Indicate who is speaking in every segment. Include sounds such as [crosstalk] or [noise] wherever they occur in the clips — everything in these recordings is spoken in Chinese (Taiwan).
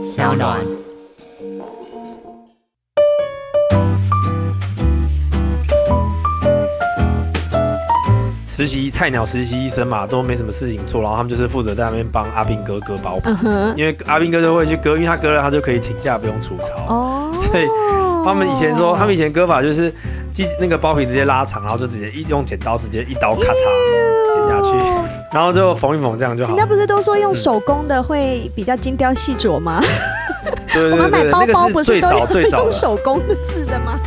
Speaker 1: 小暖實習菜鳥，實習醫生嘛，都沒什麼事情做，然後他們就是負責在那邊幫阿兵哥割包皮，uh huh. 因為阿兵哥就會去割，因為他割了他就可以請假，不用出操哦。Oh. 所以他們以前說，他們以前的割法就是，把那個包皮直接拉長，然後就直接一用剪刀直接一刀咔嚓。E 然後就縫一縫，這樣就好了。人家不是都
Speaker 2: 說用手工的會比較精雕細琢嗎？我們買包包不是都是用手工的字的嗎？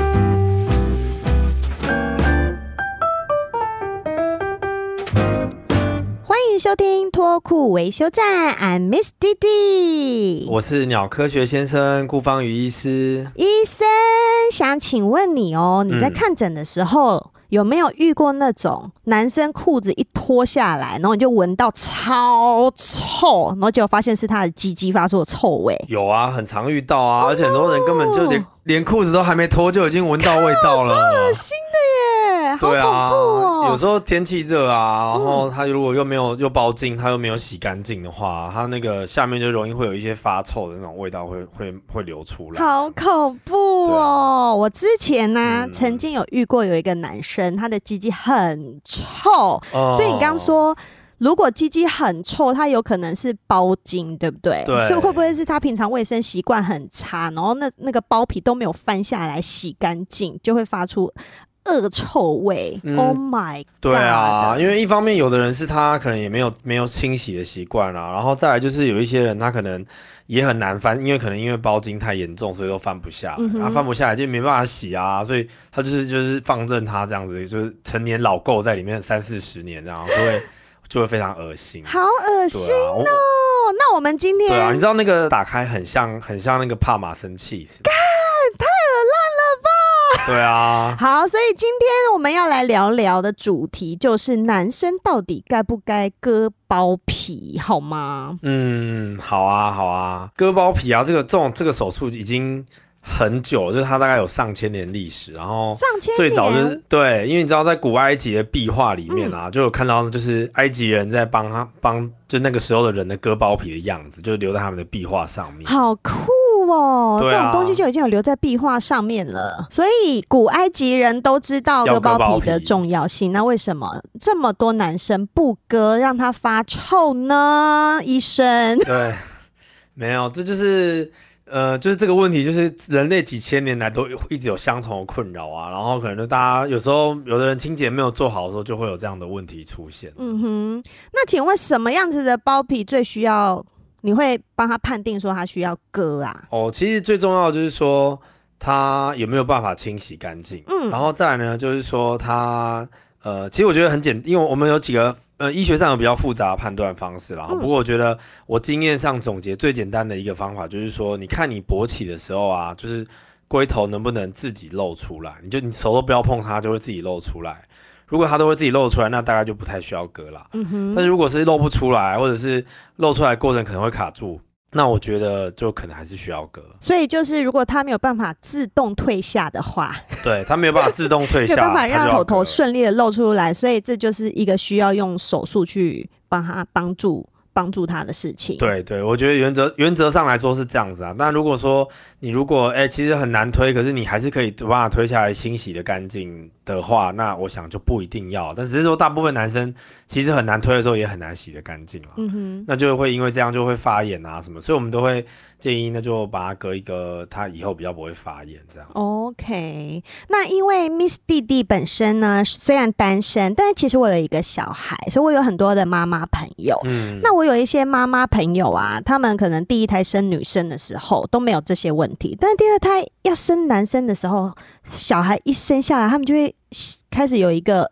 Speaker 2: 收聽脫褲維修站，I miss 弟弟。我
Speaker 1: 是鳥科學先生顧芳瑜醫師。
Speaker 2: 醫生想請問你哦、喔，你在看診的時候、嗯、有沒有遇過那種男生褲子一脫下來，然後你就聞到超臭，然後結果發現是他的雞雞發出的臭味？
Speaker 1: 有啊，很常遇到啊，而且很多人根本就連、哦、連褲子都還沒脫就已經聞到味道了，超
Speaker 2: 噁心的耶。 [laughs] 對啊，喔、有時候
Speaker 1: 天氣熱啊，然後他如果又沒有、嗯、又包莖，他又沒有洗乾淨的話，他那個下面就容易會有一些發臭的那種味道會，會會會流出來。
Speaker 2: 好恐怖哦、喔！啊、我之前呢、啊嗯、曾經有遇過有一個男生，他的雞雞很臭，嗯、所以你剛剛說如果雞雞很臭，他有可能是包莖，對不對？對。所以會不會是他平常衛生習慣很差，然後那那個包皮都沒有翻下來洗乾淨，就會發出？惡臭味、嗯、，Oh my！、God、
Speaker 1: 對啊，因為一方面有的人是他可能也沒有沒有清洗的習慣啊，然後再來就是有一些人他可能也很難翻，因為可能因為包莖太嚴重，所以都翻不下，嗯、哼然翻不下來就沒辦法洗啊，所以他就是就是放任他這樣子，就是成年老垢在裡面三四十年這樣，然後就會 [laughs] 就會非常噁心，
Speaker 2: 對啊、好噁心哦！那我們今天對啊，你
Speaker 1: 知道那個打開很像很像那個帕馬森氣死。對啊，
Speaker 2: 好，所以今天我們要來聊聊的主題就是男生到底該不該割包皮，好嗎？
Speaker 1: 嗯，好啊，好啊，割包皮啊，這個這種這個手術已經很久，就是它大概有上千年歷史，然後上千
Speaker 2: 年最早就
Speaker 1: 是對，因為你知道在古埃及的壁畫裡面啊，嗯、就有看到就是埃及人在幫他幫就那個時候的人的割包皮的樣子，就留在他們的壁畫上面。
Speaker 2: 好酷。哇，啊，這種東西就已經有留在壁畫上面了，所以古埃及人都知道割包皮的重要性。要那為什麼這麼多男生不割，讓它發臭呢？醫生？
Speaker 1: 對，沒有，這就是呃，就是這個問題，就是人類幾千年來都一直有相同的困擾啊。然後可能就大家有時候有的人清潔沒有做好的時候，就會有這樣的問題出現。嗯
Speaker 2: 哼，那請問什麼樣子的包皮最需要？你會幫他判定說他需要割啊？
Speaker 1: 哦，其實最重要的就是說他有沒有辦法清洗乾淨。嗯，然後再來呢，就是說他呃，其實我覺得很簡，因為我們有幾個呃醫學上有比較複雜的判斷方式啦。然後，嗯，不過我覺得我經驗上總結最簡單的一個方法就是說，你看你勃起的時候啊，就是龜頭能不能自己露出來？你就你手都不要碰它，就會自己露出來。如果它都會自己露出來，那大概就不太需要割了。嗯哼。但是如果是露不出來，或者是露出來的過程可能會卡住，那我覺得就可能還是需要割。
Speaker 2: 所以就是，如果它沒有辦法自動退下的話，
Speaker 1: 對，它沒有辦法自動退下，沒 [laughs] 有辦法讓頭
Speaker 2: 頭順利的露出來，所以這就是一個需要用手術去幫他幫助幫助他的事情。對
Speaker 1: 對，我覺得原則原則上來說是這樣子啊。那如果說你如果哎、欸，其實很難推，可是你還是可以有辦法推下來，清洗的乾淨。的話，那我想就不一定要，但只是說大部分男生其實很難推的時候，也很難洗得乾淨了。嗯哼，那就會因為這樣就會發炎啊什麼，所以我們都會建議那就把它割一個，他以後比較不會發炎
Speaker 2: 這樣。OK，那因為 Miss 弟弟本身呢，雖然單身，但是其實我有一個小孩，所以我有很多的媽媽朋友。嗯，那我有一些媽媽朋友啊，他們可能第一胎生女生的時候都沒有這些問題，但第二胎要生男生的時候，小孩一生下來，他們就會。開始有一個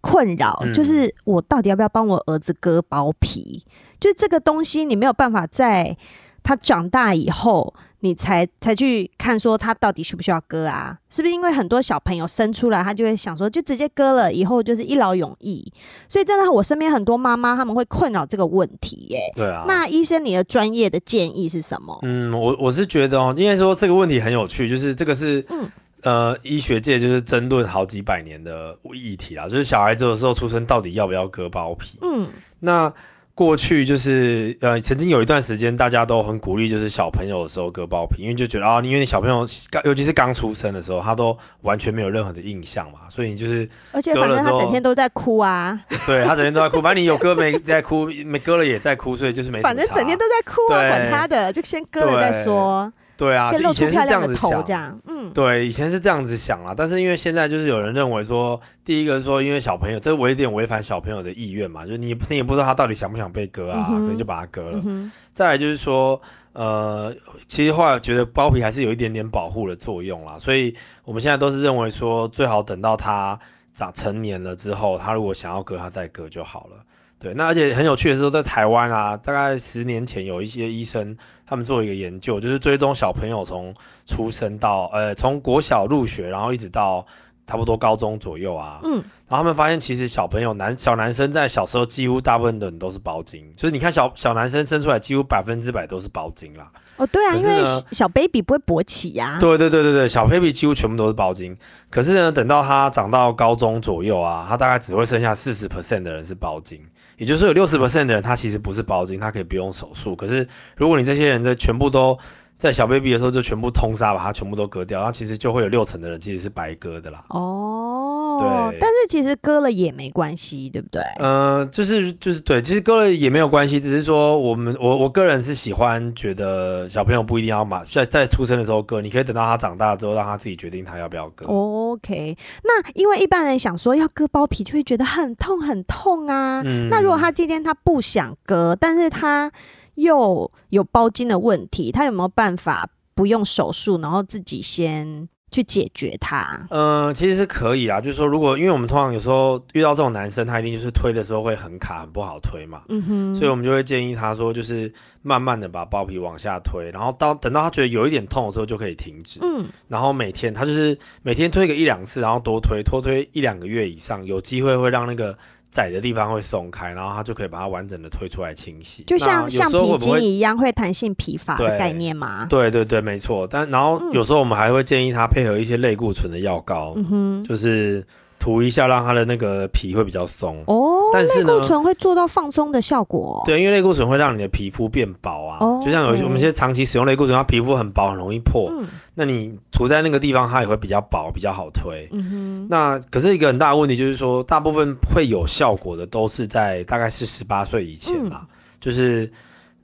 Speaker 2: 困擾，就是我到底要不要幫我兒子割包皮？嗯、就這個東西，你沒有辦法在他長大以後，你才才去看說他到底需不需要割啊？是不是因為很多小朋友生出來，他就會想說，就直接割了，以後就是一勞永逸？所以，真的，我身邊很多媽媽他們會困擾這個問題耶、欸。對啊。那醫生，你的專業的建議是什麼？嗯，
Speaker 1: 我我是覺得哦、喔，應該說這個問題很有趣，就是這個是嗯。呃，醫學界就是爭論好幾百年的議題啦，就是小孩子有時候出生到底要不要割包皮。嗯，那過去就是呃，曾經有一段時間大家都很鼓勵，就是小朋友的時候割包皮，因為就覺得啊，因為你小朋友剛，尤其是剛出生的時候，他都完全沒有任何的印象嘛，所以你就是而且反正他整天
Speaker 2: 都在哭啊。
Speaker 1: 對他整天都在哭，反正你有割沒在哭，沒割了也在哭，所以就是沒。反正
Speaker 2: 整天都在哭啊，對管他的，就先割了再說。
Speaker 1: 對啊，就以前是這樣子想，嗯，對，以前是這樣子想啊，但是因為現在就是有人認為說，第一個是說，因為小朋友這有點違反小朋友的意願嘛，就是你你也不知道他到底想不想被割啊，嗯哼，可能就把他割了。嗯哼。再來就是說，呃，其實後來覺得包皮還是有一點點保護的作用啦，所以我們現在都是認為說，最好等到他長成年了之後，他如果想要割，他再割就好了。對，那而且很有趣的是說，在台灣啊，大概十年前有一些醫生。他們做一個研究，就是追蹤小朋友從出生到，呃，從國小入學，然後一直到差不多高中左右啊。嗯，然後他們發現，其實小朋友男小男生在小時候幾乎大部分的人都是包莖，就是你看小小男生生出來幾乎百分之百都是包莖
Speaker 2: 啦。哦，對啊，因為小 baby 不會勃起呀、啊。
Speaker 1: 對對對對對，小 baby 幾乎全部都是包莖。可是呢，等到他長到高中左右啊，他大概只會剩下四十 percent 的人是包莖，也就是說有六十 percent 的人他其實不是包莖，他可以不用手術。可是如果你這些人的全部都在小 baby 的時候就全部通殺，把它全部都割掉，然後其實就會有六成的人其實是白割的啦。
Speaker 2: 哦，對，但是其實割了也沒關係，對不對？嗯、
Speaker 1: 呃，就是就是對，其實割了也沒有關係，只是說我們我我個人是喜歡覺得小朋友不一定要嘛，在在出生的時候割，你可以等到他長大之後讓他自己決定他要不要割。
Speaker 2: OK，那因為一般人想說要割包皮就會覺得很痛很痛啊。嗯。那如果他今天他不想割，但是他、嗯。又有包莖的問題，他有沒有辦法不用手術，然後自己先去解決它？
Speaker 1: 嗯、呃，其實是可以啊，就是說，如果因為我們通常有時候遇到這種男生，他一定就是推的時候會很卡，很不好推嘛。嗯哼，所以我們就會建議他說，就是慢慢的把包皮往下推，然後到等到他覺得有一點痛的時候就可以停止。嗯，然後每天他就是每天推個一兩次，然後多推，多推一兩個月以上，有機會會讓那個。窄的地方會鬆開，然後它就可以把它完整的推出來清洗。就像橡皮筋一
Speaker 2: 樣會彈性疲乏的概念嗎？
Speaker 1: 對對對，沒錯。但然後有時候我們還會建議它配合一些類固醇的藥膏，嗯，就是。塗一下，讓它的那個皮會比較鬆
Speaker 2: 哦。Oh, 但是呢，類固醇會做到放鬆的效果。
Speaker 1: 對，因為類固醇會讓你的皮膚變薄啊，oh, 就像有一些 okay. 我們現在長期使用類固醇，它皮膚很薄，很容易破。嗯、那你塗在那個地方，它也會比較薄，比較好推。嗯哼。那可是一個很大的問題，就是說大部分會有效果的都是在大概是十八歲以前吧，嗯、就是。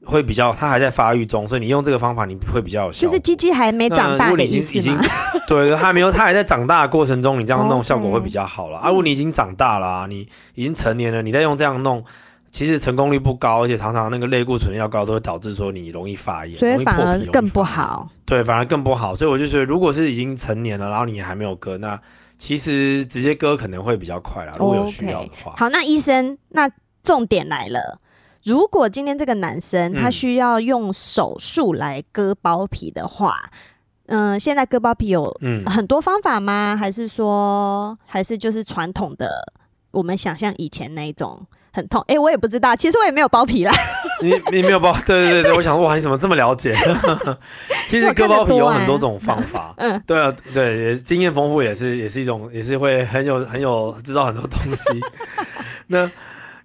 Speaker 1: 會比較，它還在發育中，所以你用這個方法，你會比較有效。就是
Speaker 2: 雞雞還沒長大的意思
Speaker 1: 嗎？對，它還沒有， [laughs] 它還在長大的過程中，你這樣弄，哦，效果會比較好了。如果，嗯，啊，你已經長大了，啊，你已經成年了，你再用這樣弄，其實成功率不高，而且常常那個類固醇藥膏都會導致說你容易發炎，所以反而，反而
Speaker 2: 更不好。
Speaker 1: 對，反而更不好。所以我就覺得，如果是已經成年了，然後你還沒有割，那其實直接割可能會比較快啦。如果有需要的話，哦 okay，
Speaker 2: 好，那醫生，那重點來了。如果今天這個男生他需要用手術來割包皮的話，嗯、呃，現在割包皮有很多方法嗎？嗯、還是說，還是就是傳統的？我們想象以前那一種很痛？哎，我也不知道，其實我也沒有包皮啦，
Speaker 1: 你，你沒有包？對對對，對，對我想說哇，你怎麼這麼了解？ [laughs] 其實割包皮有很多種方法，嗯、啊，對啊，對，也經驗豐富，也是，也是一種，也是會很有很有知道很多東西。 [laughs] 那。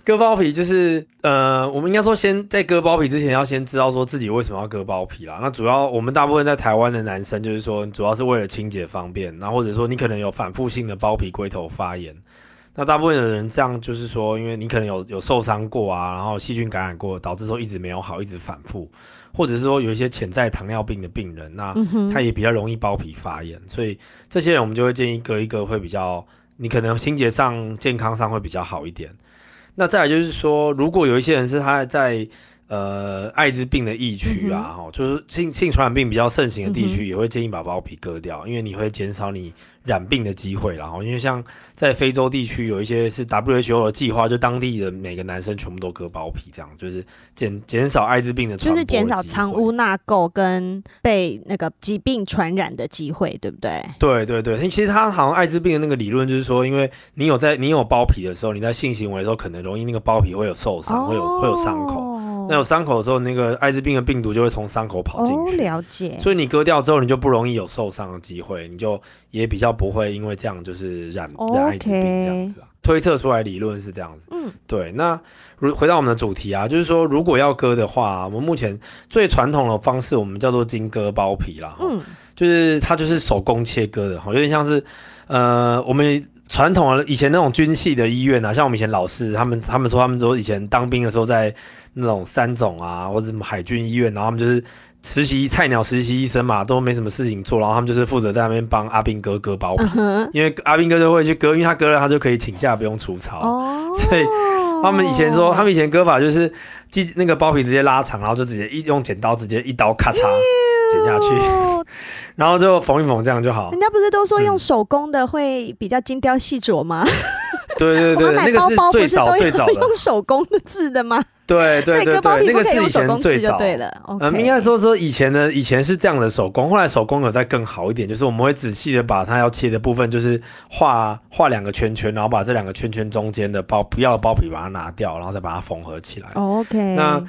Speaker 1: 割包皮就是，呃，我們應該說先在割包皮之前要先知道說自己為什麼要割包皮啦。那主要我們大部分在台灣的男生就是說，主要是為了清潔方便，然後或者說你可能有反覆性的包皮龜頭發炎。那大部分的人這樣就是說，因為你可能有有受傷過啊，然後細菌感染過，導致說一直沒有好，一直反覆，或者是說有一些潛在糖尿病的病人，那他也比較容易包皮發炎，所以這些人我們就會建議割一割會比較，你可能清潔上、健康上會比較好一點。那再來就是說，如果有一些人是他在呃艾滋病的疫區啊，嗯、哼就是性性傳染病比較盛行的地區，也會建議把包皮割掉，嗯、哼因為你會減少你。染病的機會，然後因為像在非洲地區有一些是 WHO 的計劃，就當地的每個男生全部都割包皮，這樣就是減減少艾滋病的，的，就是減少
Speaker 2: 藏污納垢跟被那個疾病傳染的機會，對不對？
Speaker 1: 對對對，其實他好像艾滋病的那個理論就是說，因為你有在你有包皮的時候，你在性行為的時候可能容易那個包皮會有受傷，哦、會有會有傷口。那有傷口的時候，那個艾滋病的病毒就會從傷口跑進去。哦，
Speaker 2: 了解。所以
Speaker 1: 你割掉之後，你就不容易有受傷的機會，你就也比較不會因為這樣就是染染艾滋病這樣子 Okay 推測出來的理論是這樣子。嗯，對。那如回到我們的主題啊，就是說如果要割的話，啊，我們目前最傳統的方式，我們叫做金割包皮啦。嗯，就是它就是手工切割的，哈，有點像是呃我們。傳統的以前那種軍系的醫院啊，像我們以前老師他們，他們說他們說以前當兵的時候在那種三總啊，或者什麼海軍醫院，然後他們就是實習菜鳥實習醫生嘛，都沒什麼事情做，然後他們就是負責在那邊幫阿兵哥，哥割包皮，嗯、哼因為阿兵哥就會去割，因為他割了他就可以請假不用出操。哦、所以他們以前說他們以前割法就是，即那個包皮直接拉長，然後就直接一用剪刀直接一刀咔嚓剪下去。呦 [laughs] 然後就縫一縫，這樣就好。人
Speaker 2: 家不是都說用手工的會比較精雕細琢嗎？嗯、
Speaker 1: 對對對，那個 [laughs] 我們買包包不是都用
Speaker 2: 手工的製的嗎？
Speaker 1: 對，對對對對，包皮那個是以前最早。對
Speaker 2: 了，嗯，應
Speaker 1: 該 OK 說說以前的，以前是這樣的手工，後來手工有再更好一點，就是我們會仔細的把它要切的部分，就是畫畫兩個圈圈，然後把這兩個圈圈中間的包不要的包皮把它拿掉，然後再把它縫合起來。Oh, OK。那。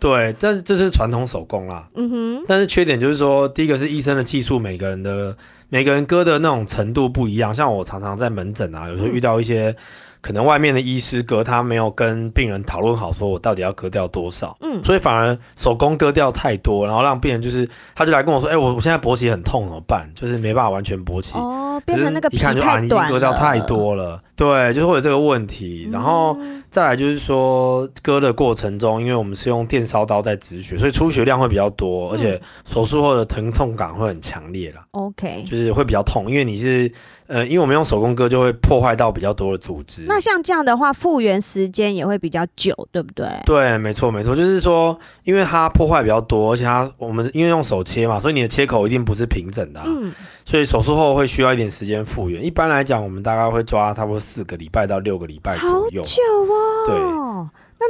Speaker 1: 對，但是這是傳統手工啦。嗯
Speaker 2: 哼。但
Speaker 1: 是缺點就是說，第一個是醫生的技術，每個人的每個人割的那種程度不一樣。像我常常在門診啊，有時候遇到一些、嗯、可能外面的醫師割，他沒有跟病人討論好，說我到底要割掉多少。嗯。所以反而手工割掉太多，然後讓病人就是他就來跟我說：“哎、欸，我我現在勃起很痛，怎麼辦？就是沒辦法完全勃起。”哦，變成那個皮膚你看就、啊、你已經割掉太多了。嗯、對，就是會有這個問題。然後。嗯再來就是說割的過程中，因為我們是用電燒刀在止血，所以出血量會比較多，而且手術後的疼痛感會很強烈啦。
Speaker 2: OK，就是
Speaker 1: 會比較痛，因為你是，呃，因為我們用手工割就會破壞到比較多的組織。
Speaker 2: 那像這樣的話，復原時間也會比較久，對不對？
Speaker 1: 對，沒錯，沒錯，就是說因為它破壞比較多，而且它我們因為用手切嘛，所以你的切口一定不是平整的啊。嗯。所以手術後會需要一點時間復原，一般來講，我們大概會抓差不多四個禮拜到六個禮拜左右。好久哦。
Speaker 2: 對。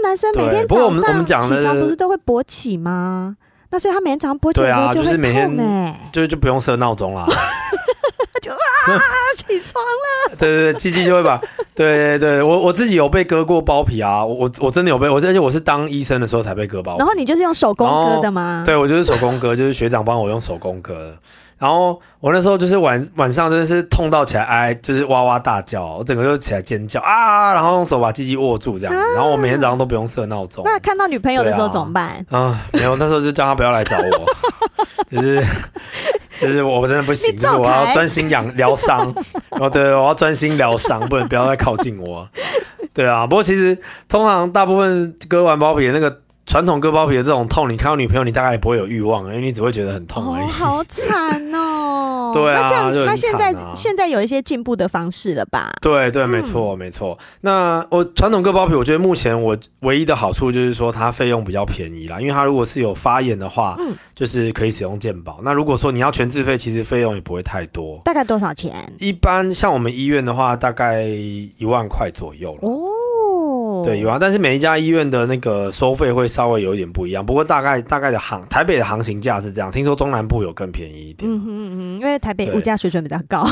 Speaker 2: 那男生每天早上起床不是都會勃起嗎？那所以他每天早上勃起就會痛,、欸對啊、就是每天、欸、
Speaker 1: 就就不用設鬧鐘啦，
Speaker 2: [laughs] 就啊起床了。
Speaker 1: [laughs] 對對對，雞雞就會把，對對,對我我自己有被割過包皮啊，我我真的有被，我而且我是當醫生的時候才被割包皮。然
Speaker 2: 後你就是用手工割的嗎？對，
Speaker 1: 我就是手工割，就是學長幫我用手工割的。然後我那時候就是晚晚上真的是痛到起來。哎，就是哇哇大叫，我整個就起來尖叫啊，然後用手把雞雞握住這樣子，啊、然後我每天早上都不用設鬧鐘。那
Speaker 2: 看到女朋友的時候怎麼辦？啊，
Speaker 1: 啊，沒有，那時候就叫她不要來找我， [laughs] 就是就是我真的不行，就是我要專心養療傷。哦，召對，我要專心療傷， [laughs] 不能不要再靠近我。對啊，不過其實通常大部分割完包皮的那個。傳統割包皮的這種痛，你看到女朋友，你大概也不會有欲望，因為你只會覺得很
Speaker 2: 痛而已。哦，好慘哦！ [laughs] 對啊，那這樣就很慘啊。那現在現在有一些進步的方式了吧？對對，沒錯、嗯、
Speaker 1: 沒錯。那我傳統割包皮，我覺得目前我唯一的好處就是說，它費用比較便宜啦，因為它如果是有發炎的話，嗯、就是可以使用健保。那如果說你要全自費，其實費用也不會太多。
Speaker 2: 大概多少錢？
Speaker 1: 一般像我們醫院的話，大概一萬塊左右了。哦。對，有啊，但是每一家醫院的那個收費會稍微有一點不一樣。不過大概大概的行，台北的行情價是這樣。聽說中南部有更便宜一
Speaker 2: 點，嗯哼嗯哼，因為台北物價水準比較高，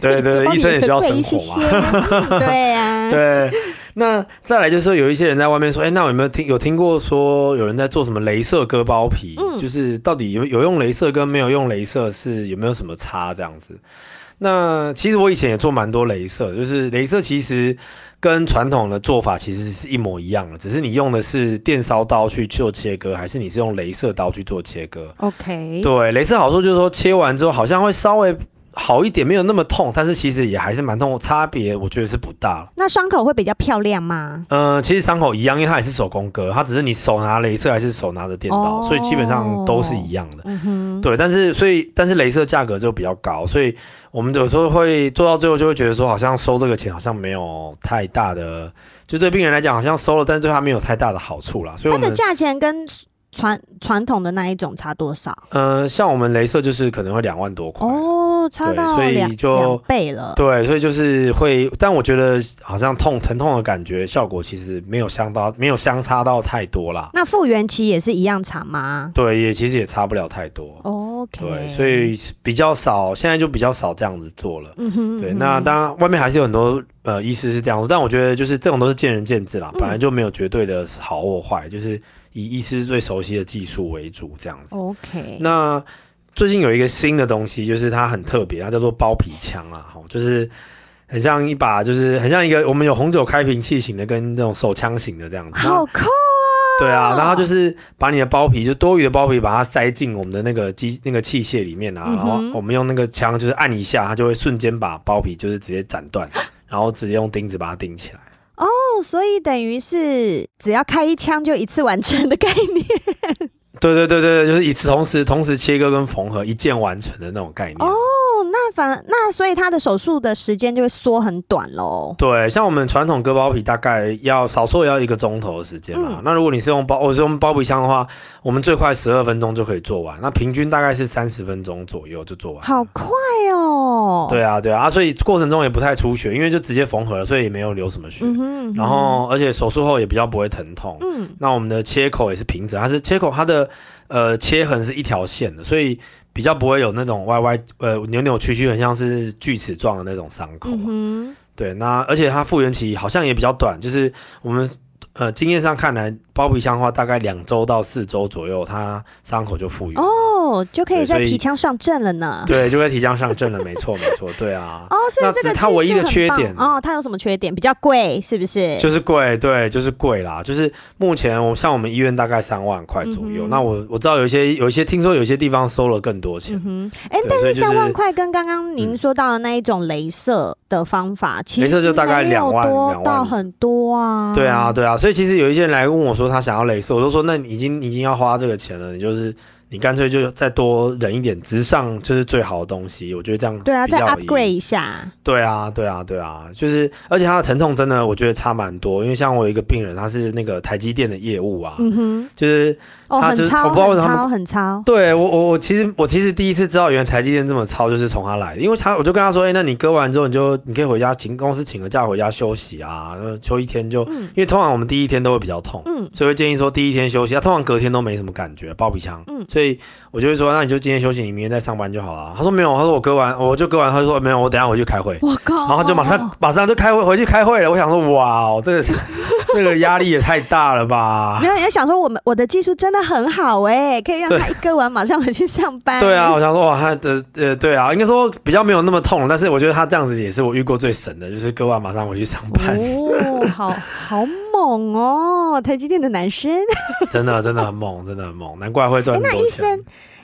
Speaker 1: 對， [laughs] 對，對對，醫生也需要生活
Speaker 2: 嘛，
Speaker 1: 對呀。對，那再來就是說，有一些人在外面說，哎、欸，那我有沒有聽有聽過說有人在做什麼？雷射割包皮，嗯、就是到底有有用雷射跟沒有用雷射是有沒有什麼差這樣子？那其實我以前也做蠻多鐳射，就是鐳射其實跟傳統的做法其實是一模一樣的，只是你用的是電燒刀去做切割，還是你是用鐳射刀去做切割？OK，對，鐳射好處就是說切完之後好像會稍微好一點，沒有那麼痛，但是其實也還是蠻痛的，差別我覺得是不大了。
Speaker 2: 那傷口會比較漂亮嗎？
Speaker 1: 嗯、呃，其實傷口一樣，因為它也是手工割，它只是你手拿鐳射還是手拿着電刀，哦、所以基本上都是一樣的。嗯、哼對，但是所以但是鐳射價格就比較高，所以我們有時候會做到最後就會覺得說，好像收這個錢好像沒有太大的，就對病人來講好像收了，但是對他沒有太大的好處啦。所以它的價
Speaker 2: 錢跟。傳傳統的那一種差多少？
Speaker 1: 呃，像我們雷射就是可能會兩萬多
Speaker 2: 塊哦，差到兩兩倍了。
Speaker 1: 對，所以就是會，但我覺得好像痛疼痛的感覺效果其實沒有相到，沒有相差到太多啦。
Speaker 2: 那復原期也是一樣長嗎？
Speaker 1: 對，也其實也差不了太多。OK，對，所以比較少，現在就比較少這樣子做了。
Speaker 2: 嗯，哼嗯哼，對，那
Speaker 1: 當然外面還是有很多呃醫師是這樣說，但我覺得就是這種都是見仁見智啦，嗯、本來就沒有絕對的好或壞，就是。以醫師最熟悉的技術為主，這樣子。OK 那。那最近有一個新的東西，就是它很特別，它叫做包皮槍啊，就是很像一把，就是很像一個我們有紅酒開瓶器型的，跟這種手槍型的這樣子。
Speaker 2: 好酷啊！
Speaker 1: 對啊，然後它就是把你的包皮，就多餘的包皮，把它塞進我們的那個機那個器械裡面啊，嗯、哼然後我們用那個槍，就是按一下，它就會瞬間把包皮就是直接斬斷，然後直接用釘子把它釘起來。
Speaker 2: 哦，oh, 所以等於是只要開一槍就一次完成的概念。
Speaker 1: [laughs] 對對對對，就是一次同時，同時切割跟縫合，一鍵完成的那種概
Speaker 2: 念。Oh. 那反那所以他的手術的時間就會縮很短嘍。
Speaker 1: 對，像我們傳統割包皮大概要少說也要一個鐘頭的時間嘛。嗯、那如果你是用包，我、哦、是用包皮槍的話，我們最快十二分鐘就可以做完。那平均大概是三十分鐘左右就做完了。
Speaker 2: 好快哦。對啊，
Speaker 1: 對啊，啊，所以過程中也不太出血，因為就直接縫合了，所以也沒有流什麼
Speaker 2: 血。嗯哼嗯哼然後
Speaker 1: 而且手術後也比較不會疼痛。嗯。那我們的切口也是平整，它是切口它的呃切痕是一條線的，所以。比較不會有那種歪歪呃扭扭曲曲很像是鋸齒狀的那種傷口，嗯、哼對，那而且它復原期好像也比較短，就是我們呃經驗上看來，包皮槍的話，大概兩周到四周左右，它傷口就復原。哦
Speaker 2: 哦、就可以在提槍上陣了呢對
Speaker 1: 對，就以提槍上陣了， [laughs] 沒錯，沒錯，對啊。哦，所以這個它唯一的缺點
Speaker 2: 哦，它有什麼缺點？比較貴，是不是？就是
Speaker 1: 貴，對，就是貴啦。就是目前我，我像我們醫院大概三萬塊左右。嗯嗯，那我我知道有一些，有一些聽說有一些地方收了更多錢。
Speaker 2: 哎、嗯嗯，對但是三萬塊跟剛剛您說到的那一種鐳射的方法，嗯、其實就大概兩萬多到很多啊。對啊，
Speaker 1: 對啊。所以其實有一些人來問我說他想要鐳射，我都說那你已經你已經要花這個錢了，你就是。你乾脆就再多忍一點，直上就是最好的東西。我覺得這樣比較對啊，再
Speaker 2: upgrade 一下。
Speaker 1: 對啊，對啊，對啊，就是而且他的疼痛真的，我覺得差蠻多。因為像我有一個病人，他是那個台積電的業務啊，
Speaker 2: 嗯
Speaker 1: 哼，就是他就是、哦、我不知道為什麼他很操，很操，對我我我其實我其實第一次知道原來台積電這麼操，就是從他來的。因為他我就跟他說，哎、欸，那你割完之後，你就你可以回家請公司請個假回家休息啊，休一天就，嗯、因為通常我們第一天都會比較痛，嗯，所以會建議說第一天休息。他、啊、通常隔天都沒什麼感覺，包皮槍，嗯，所以。所以我就會說，那你就今天休息，你明天再上班就好了，啊。他說沒有，他說我割完我就割完。他說沒有，我等下回去開會。我靠！然後他就馬上馬上就開會回去開會。了。我想說，哇，這個 [laughs] 這個壓力也太大了吧？沒有，
Speaker 2: 你要想說我們我的技術真的很好哎，欸，可以讓他一割完馬上回去上班。對，對啊，我
Speaker 1: 想說哇，他的呃對，對啊，應該說比較沒有那麼痛，但是我覺得他這樣子也是我遇過最神的，就是割完馬上回去上班。
Speaker 2: 哦，oh, 好，好。猛哦！台積電的男生
Speaker 1: [laughs] 真的真的很猛，真的很猛，難怪會做、欸。那醫生，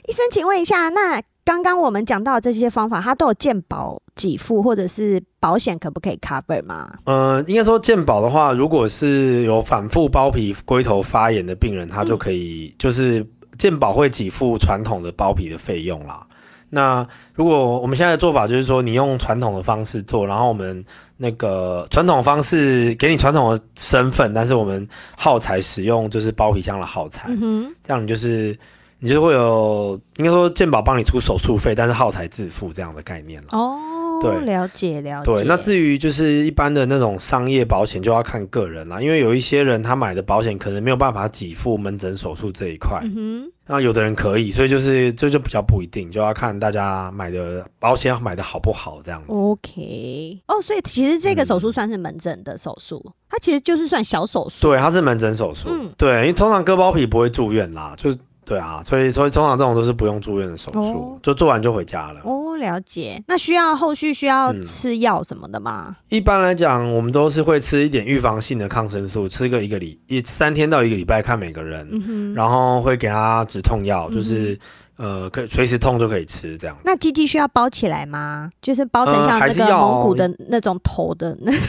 Speaker 2: 醫生，請問一下，那剛剛我們講到這些方法，它都有健保給付或者是保險可不可以 cover 嗎？
Speaker 1: 呃，應該說健保的話，如果是有反覆包皮龜頭發炎的病人，他就可以就是健保會給付傳統的包皮的費用啦。嗯嗯那如果我們現在的做法就是說，你用傳統的方式做，然後我們那個傳統的方式給你傳統的身份，但是我們耗材使用就是包皮槍的耗材，嗯哼，這樣你就是你就會有應該說健保幫你出手術費，但是耗材自付這樣的概念
Speaker 2: 了。哦。對、哦，了解了解。對，那
Speaker 1: 至於就是一般的那種商業保險就要看個人啦，因為有一些人他買的保險可能沒有辦法給付門診手術這一塊，嗯、哼那有的人可以，所以就是這就，就比較不一定，就要看大家買的保險買的好不好這樣
Speaker 2: 子。OK，哦，所以其實這個手術算是門診的手術，嗯、它其實就是算小手術，
Speaker 1: 對，它是門診手術，嗯、對，因為通常割包皮不會住院啦，就對啊，所以所以通常這種都是不用住院的手術，哦、就做完就回家
Speaker 2: 了。哦，了解。那需要後續需要吃藥什麼的嗎？
Speaker 1: 嗯、一般來講，我們都是會吃一點預防性的抗生素，吃個一個禮一三天到一個禮拜，看每個人，嗯、哼然後會給他止痛藥，就是、嗯、哼呃可以隨時痛就可以吃這樣。
Speaker 2: 那 GG 需要包起來嗎？就是包成像那個蒙古的那種頭的那、嗯。 [laughs]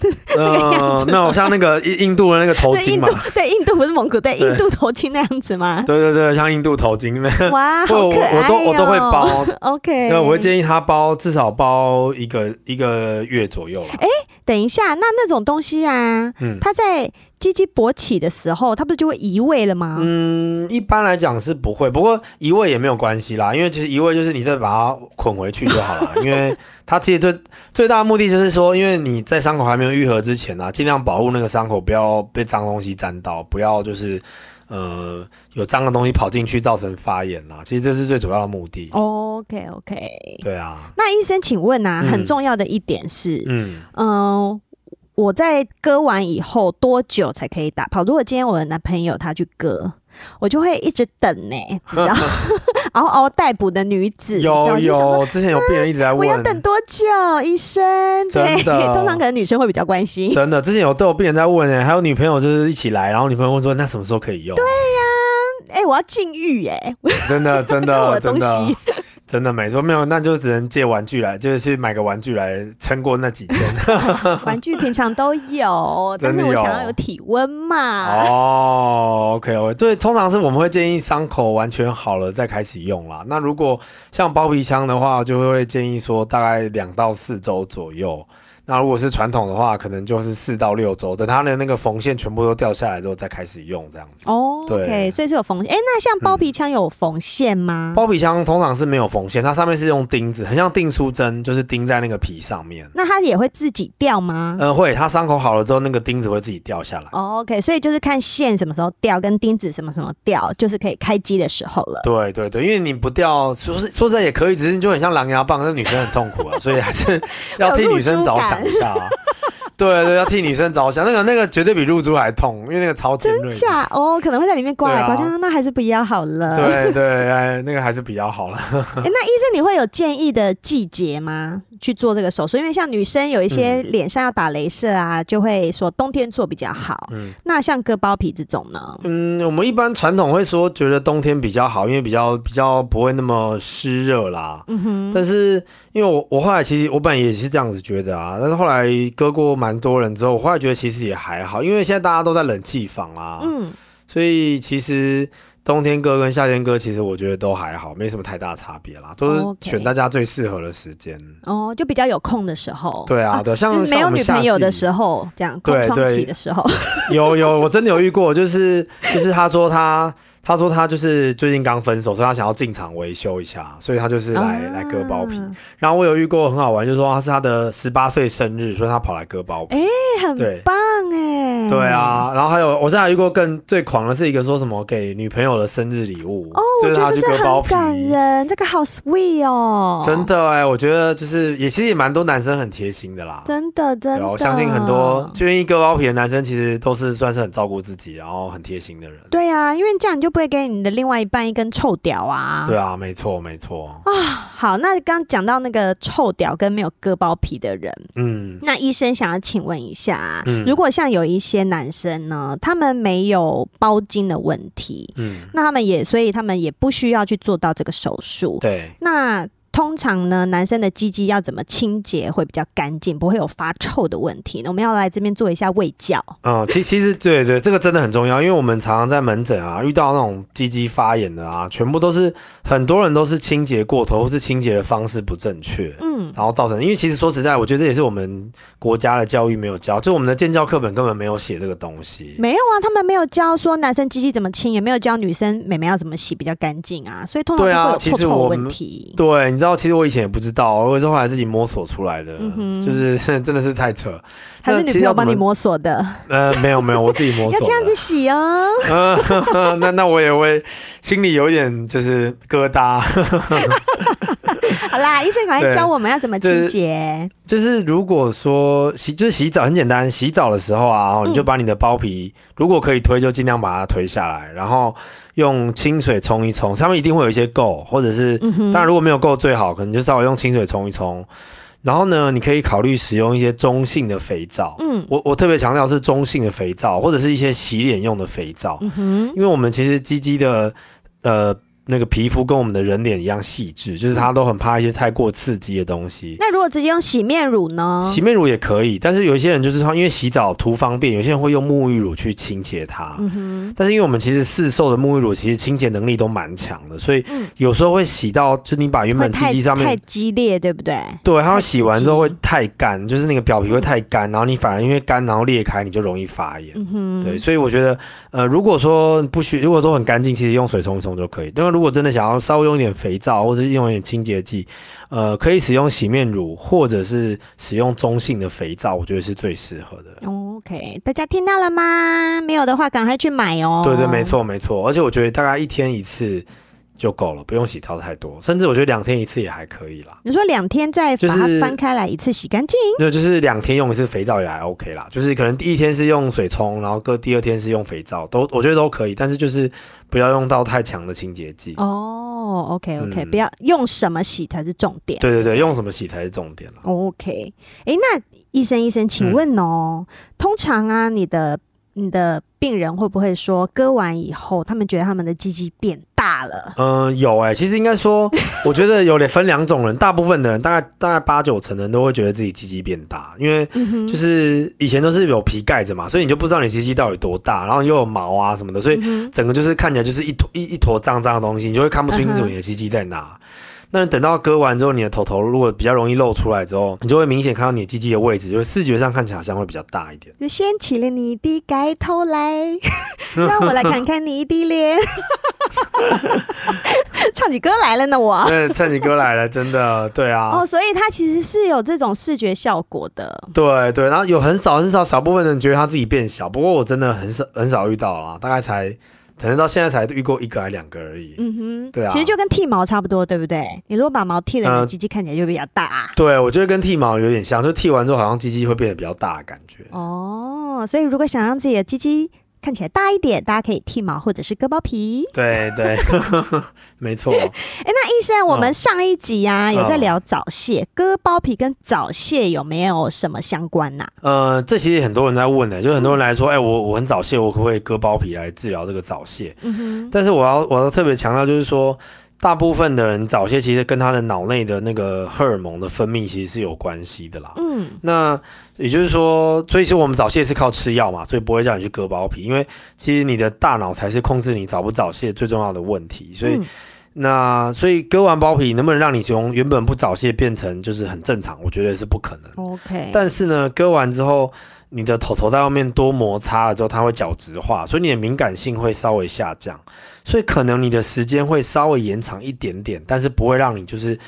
Speaker 1: [laughs] 嗯，那我像那個印印度的那個頭巾嘛，
Speaker 2: [laughs] 對，印度不是蒙古對，印度頭巾那樣子嘛，
Speaker 1: 對對對，像印度頭巾，哇，可愛哦， [laughs] 不我我都我都會包
Speaker 2: ，OK，那我會建
Speaker 1: 議他包至少包一個一個月左右了，
Speaker 2: 欸等一下，那那種東西啊，嗯，它在雞雞勃起的時候，它不是就會移位了嗎？嗯，一般來
Speaker 1: 講是不會，不過移位也沒有關係啦，因為其實移位就是你再把它捆回去就好了， [laughs] 因為它其實最最大的目的就是說，因為你在傷口還沒有癒合之前啊，儘量保護那個傷口，不要被髒東西沾到，不要就是。呃，有髒的東西跑進去，造成發炎啦、啊。其實這是最主要的目
Speaker 2: 的。OK，OK，okay, okay. 對啊。那醫生，請問啊，嗯、很重要的一點是，嗯嗯、呃，我在割完以後多久才可以打炮？如果今天我的男朋友他去割，我就會一直等呢、欸，然後你知道，嗷嗷待哺的女子，有有。之前有病人一直在問，呃、我要等多久，醫生？的對，通常可能女生會比較關心。
Speaker 1: 真的，之前有都有病人在問呢、欸，還有女朋友就是一起來，然後女朋友問說：“那什麼時候可以用？”對呀、
Speaker 2: 啊，哎、欸，我要禁欲耶、欸！
Speaker 1: 真的，真的， [laughs] 我的真的。真的沒說沒有，那就只能借玩具來，就是去買個玩具來撐過那幾天。
Speaker 2: [laughs] 玩具平常都有， [laughs] 有但是我想要有體溫嘛。
Speaker 1: 哦，OK，OK。對，通常是我們會建議傷口完全好了再開始用啦。那如果像包皮槍的話，就會建議說大概兩到四周左右。那如果是傳統的話，可能就是四到六周，等它的那個縫線全部都掉下來之後，再開始用這樣子。哦，oh, okay, 對，
Speaker 2: 所以是有縫線。哎、欸，那像包皮槍有縫線嗎、嗯？包
Speaker 1: 皮槍通常是沒有縫線，它上面是用釘子，很像釘書針，就是釘在那個皮上面。
Speaker 2: 那它也會自己掉嗎？
Speaker 1: 嗯，會，它傷口好了之後，那個釘子會自己掉下來。
Speaker 2: 哦、oh, OK，所以就是看線什麼時候掉，跟釘子什麼什麼掉，就是可以開機的時候了。
Speaker 1: 對對對，因為你不掉，說實說實在也可以，只是你就很像狼牙棒，那 [laughs] 女生很痛苦啊，所以還是要替女生着想。 [laughs] [laughs] 等一下、啊，對，對對，要替女生着想， [laughs] 那個那個絕對比入珠還痛，因為那個超尖銳。真假
Speaker 2: 哦，oh, 可能會在裡面刮來刮去、啊，那還是不要好了。 [laughs] 對，
Speaker 1: 對對，那個還是比較好
Speaker 2: 了。 [laughs] 欸、那醫生，你會有建議的季節嗎？去做這個手術，因為像女生有一些臉上要打鐳射啊，嗯，就會說冬天做比較好。嗯，嗯，那像割包皮這種呢？嗯，
Speaker 1: 我們一般傳統會說覺得冬天比較好，因為比較比較不會那麼濕熱啦。嗯哼，但是因為我我後來其實我本來也是這樣子覺得啊，但是後來割過蠻多人之後，我後來覺得其實也還好，因為現在大家都在冷氣房啊，嗯，所以其實。冬天歌跟夏天歌，其實我覺得都還好，沒什麼太大差別啦，都是選大家最適合的時間
Speaker 2: 哦，oh, okay. oh, 就比較有空的時候。對啊，
Speaker 1: 啊對，像沒有女朋友的
Speaker 2: 時候這樣，空窗期的時候。
Speaker 1: 有有，我真的有遇過， [laughs] 就是就是他說他。 [laughs] 他說他就是最近剛分手，所以他想要進廠維修一下，所以他就是來、嗯、來割包皮。然後我有遇過很好玩，就是說他是他的十八歲生日，所以他跑來割包皮。哎、
Speaker 2: 欸，很棒哎、欸。對啊，
Speaker 1: 然後還有我現在還遇過更最狂的是一個說什麼給女朋友的生日禮物哦，就是他去割包皮。
Speaker 2: 感人，這個好 sweet 哦、啊。真
Speaker 1: 的哎、欸，我覺得就是也其實也蠻多男生很貼心的啦。
Speaker 2: 真的，真的。然後我相信很多
Speaker 1: 願意割包皮的男生其實都是算是很照顧自己，然後很貼心的人。
Speaker 2: 對啊，因為這樣你就不。會給你的另外一半一根臭屌啊！對
Speaker 1: 啊，沒錯，沒錯
Speaker 2: 啊、哦！好，那剛講到那個臭屌跟沒有割包皮的人，嗯，那醫生想要請問一下，嗯、如果像有一些男生呢，他們沒有包莖的問題，嗯，那他們也，所以他們也不需要去做到這個手術，對，那。通常呢，男生的雞雞要怎麼清潔會比較乾淨，不會有發臭的問題？我們要來這邊做一下衛教。嗯，
Speaker 1: 其其實對對，這個真的很重要，因為我們常常在門診啊，遇到那種雞雞發炎的啊，全部都是很多人都是清潔過頭，或是清潔的方式不正確，嗯，然後造成。因為其實說實在，我覺得這也是我們國家的教育沒有教，就我們的健教課本根本沒有寫這個東西。
Speaker 2: 沒有啊，他們沒有教說男生雞雞怎麼清，也沒有教女生美眉要怎麼洗比較乾淨啊，所以通常都會有臭臭問題，
Speaker 1: 對啊。對，你知道。其實我以前也不知道，我是後來自己摸索出來的，嗯、哼就是真的是太扯，還
Speaker 2: 是女朋友幫你摸索的？
Speaker 1: 呃，沒有沒有，我自己摸索。要這樣子洗哦。呃、呵呵那那我也會心裡有一點就是疙瘩。 [laughs] [laughs]
Speaker 2: [laughs] 好啦，醫生趕快教我們要怎麼清潔。
Speaker 1: 就是如果說洗，就是洗澡很簡單，洗澡的時候啊，嗯、你就把你的包皮如果可以推，就盡量把它推下來，然後用清水沖一沖，上面一定會有一些垢，或者是，嗯、哼當然如果沒有垢，最好可能就稍微用清水沖一沖。然後呢，你可以考慮使用一些中性的肥皂。嗯，我我特別強調是中性的肥皂，或者是一些洗臉用的肥皂，嗯、哼因為我們其實雞雞的呃。那個皮膚跟我們的人臉一樣細緻，就是他都很怕一些太過刺激的東西。嗯、
Speaker 2: 那如果直接用洗面乳呢？洗
Speaker 1: 面乳也可以，但是有一些人就是他因為洗澡圖方便，有些人會用沐浴乳去清潔它。嗯哼。但是因為我們其實市售的沐浴乳其實清潔能力都蠻強的，所以有時候會洗到、嗯、就你把原本雞雞上面太，太
Speaker 2: 激烈，對不對？對，它要
Speaker 1: 洗完之後會太乾，太就是那個表皮會太乾，嗯、哼然後你反而因為乾然後裂開，你就容易發炎。
Speaker 2: 嗯哼。對，所以
Speaker 1: 我覺得呃，如果說不需如果都很乾淨，其實用水沖一沖就可以。因如果真的想要稍微用一點肥皂，或者用一點清潔劑，呃，可以使用洗面乳，或者是使用中性的肥皂，我覺得是最適合的。
Speaker 2: OK，大家聽到了嗎？沒有的話，趕快去買哦。對對，沒錯
Speaker 1: 沒錯，而且我覺得大概一天一次。就夠了，不用洗澡太多，甚至我覺得兩天一次也還可以啦。
Speaker 2: 你說兩天再把它翻開來一次洗乾淨？沒
Speaker 1: 有、就是，就是兩天用一次肥皂也還 OK 啦。就是可能第一天是用水沖，然後擱第二天是用肥皂，都我覺得都可以。但是就是不要用到太強的清潔劑。哦、
Speaker 2: oh,，OK OK，、嗯、不要用什麼洗才是重點。對
Speaker 1: 對對，用什麼洗才是重點啦。
Speaker 2: Oh, OK，、欸、那醫生醫生，請問哦、喔，嗯、通常啊，你的。你的病人會不會說割完以後，他們覺得他們的雞雞變大了？
Speaker 1: 嗯，有哎、欸，其實應該說，我覺得有點分兩種人， [laughs] 大部分的人大概大概八九成的人都會覺得自己雞雞變大，因為就是以前都是有皮蓋着嘛，所以你就不知道你雞雞到底多大，然後又有毛啊什麼的，所以整個就是看起來就是一坨一一坨髒髒的東西，你就會看不清楚你的雞雞在哪。嗯那你等到割完之後，你的頭頭如果比較容易露出來之後，你就會明顯看到你的雞雞的位置，就視覺上看起來好像會比較大一點。
Speaker 2: 就掀起了你的蓋頭來， [laughs] 讓我來看看你的臉， [laughs] [laughs] 唱起歌來了呢！我對，
Speaker 1: 唱起歌來了，真的，對啊。哦，oh,
Speaker 2: 所以它其實是有這種視覺效果的。
Speaker 1: 對對，然後有很少很少小部分人覺得他自己變小，不過我真的很少很少遇到了啦，大概才。可能到現在才遇過一個還兩個而已。嗯哼，
Speaker 2: 對啊，其實就跟剃毛差不多，對不對？你如果把毛剃了，嗯、你雞雞看起來就比較大。
Speaker 1: 對，我覺得跟剃毛有點像，就剃完之後好像雞雞會變得比較大的感覺。
Speaker 2: 哦，所以如果想讓自己的雞雞，看起來大一點，大家可以剃毛或者是割包皮。
Speaker 1: 對對，沒錯。
Speaker 2: 哎，那醫生，我們上一集呀有在聊早洩，嗯，割包皮跟早洩有沒有什麼相關吶？
Speaker 1: 呃，這其實很多人在問的，就是很多人來說，哎，我我很早洩，我可不可以割包皮來治療這個早洩？嗯哼。但是我要我要特別強調，就是說。大部分的人早泄其實跟他的腦內的那個荷爾蒙的分泌其實是有關係的啦。嗯，那也就是說，所以其實我們早泄是靠吃藥嘛，所以不會讓你去割包皮，因為其實你的大腦才是控制你早不早泄最重要的問題。所以，嗯，那所以割完包皮能不能讓你從原本不早泄變成就是很正常？我覺得是不可
Speaker 2: 能。OK，嗯，但是
Speaker 1: 呢，割完之後。你的頭頭在外面多摩擦了之後，它會角質化，所以你的敏感性會稍微下降，所以可能你的時間會稍微延長一點點，但是不會讓你就是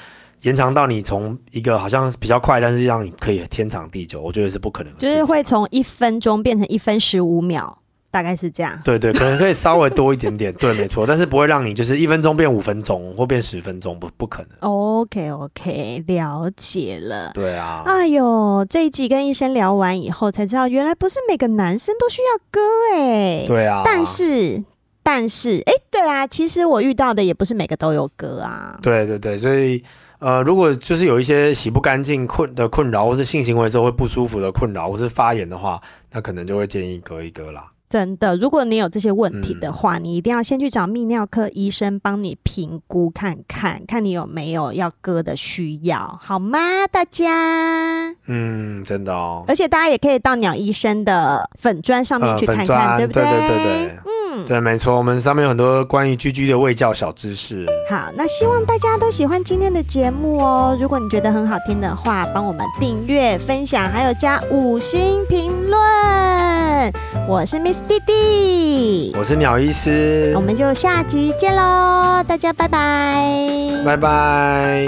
Speaker 1: 延長到你從一個好像比較快，但是讓你可以天長地久，我覺得是不可能，
Speaker 2: 就是會從一分鐘變成一分十五秒。大概是這樣，對，
Speaker 1: 對對，可能可以稍微多一點點， [laughs] 對，沒錯，但是不會讓你就是一分鐘變五分鐘或變十分鐘，不不可
Speaker 2: 能。OK OK，了解了。對啊。哎呦，這一集跟醫生聊完以後才知道，原來不是每個男生都需要割哎、欸，對啊。但是但是，哎、欸，對啊，其實我遇到的也不是每個都有割啊。
Speaker 1: 對對對，所以呃，如果就是有一些洗不乾淨困的困擾，或是性行為的時候會不舒服的困擾，或是發炎的話，那可能就會建議割一割啦。
Speaker 2: 真的，如果你有這些問題的話，嗯、你一定要先去找泌尿科醫生幫你評估看看，看你有沒有要割的需要，好嗎，大家？嗯，
Speaker 1: 真的哦。
Speaker 2: 而且大家也可以到鳥醫生的粉專上面去看看，呃、對不對？對，對對對。嗯。
Speaker 1: 對，沒錯，我們上面有很多關於 GG 的衛教小知識。
Speaker 2: 好，那希望大家都喜歡今天的節目哦。如果你覺得很好聽的話，幫我們訂閱、分享，還有加五星評論。我是 Miss 弟弟，我是
Speaker 1: 鳥醫師，我們
Speaker 2: 就下集見嘍，大家拜拜，
Speaker 1: 拜拜。